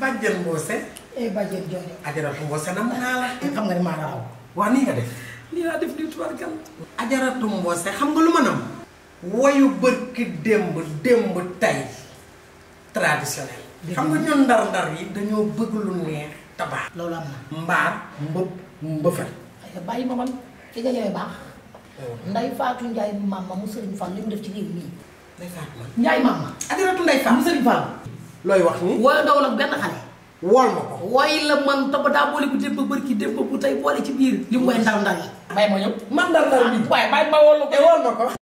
bàjjen Mbose. eh bàjjen jooju. ajaratu Mbose nam naa la. xam nga ni maa waa nii nga def. nii laa def di ajaratu Mbose xam nga lu ma nam. woyu bërki démb démb tay traditionnel. xam nga ñun ndar-ndar yi dañoo bëgg lu neex tabax. loolu am na. mbaar mbëb mbëfal. bàyyi ma man ci nga ñëwee baax. Oh. nday Fatou Ndiaye maam ma mu Serigne Fall li mu def ci réew mii. nday Fatou Ndiaye maam ma. ajaratu nday Fall mu Serigne looy wax ni wooy ndaw la benn xale wool ma ko wooy la man taba daa boole bu démb bërki démb bu tey boole ci biir li mu ah, way ndaw ndaw yi bàyyi ma ñëw man ndaw ndaw bi waaye eh, bàyyi ma wool ma ko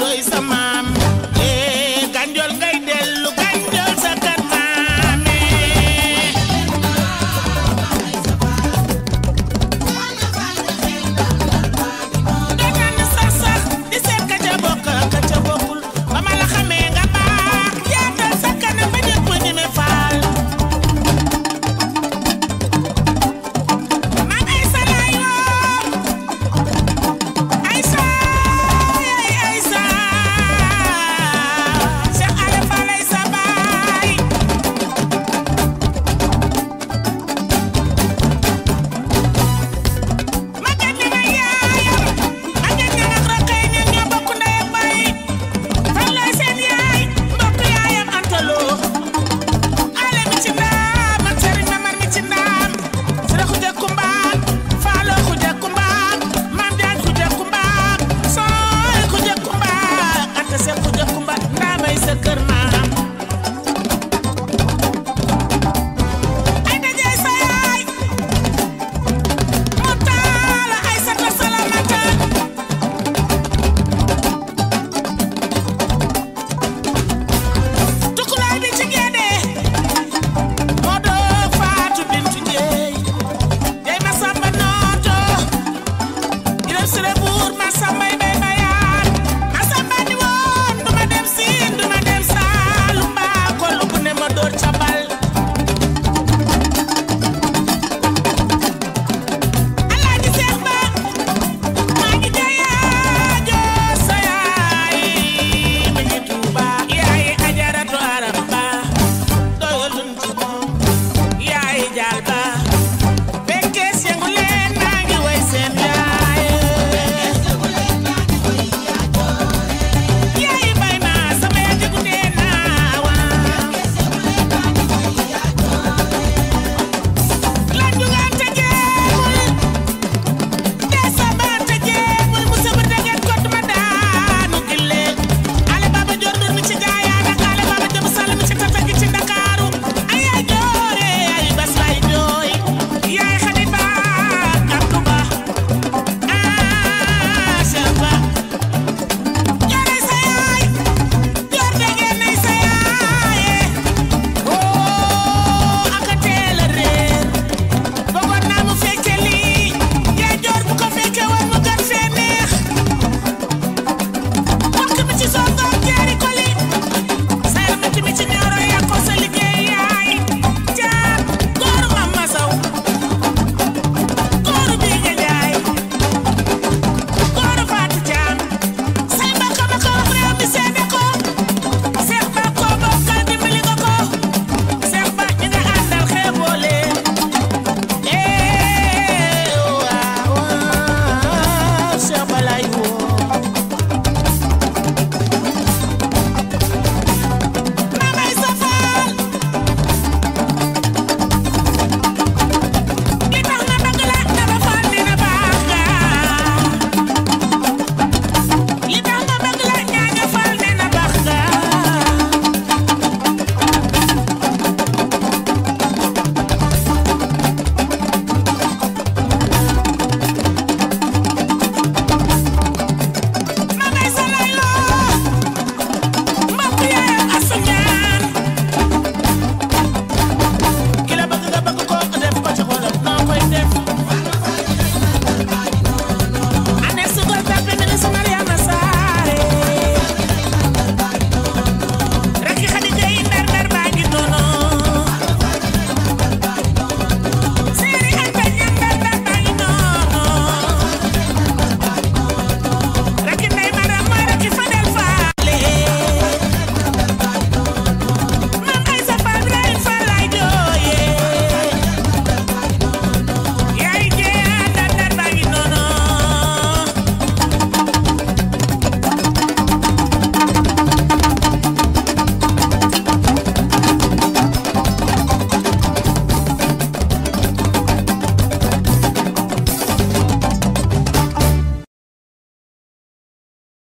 doy sama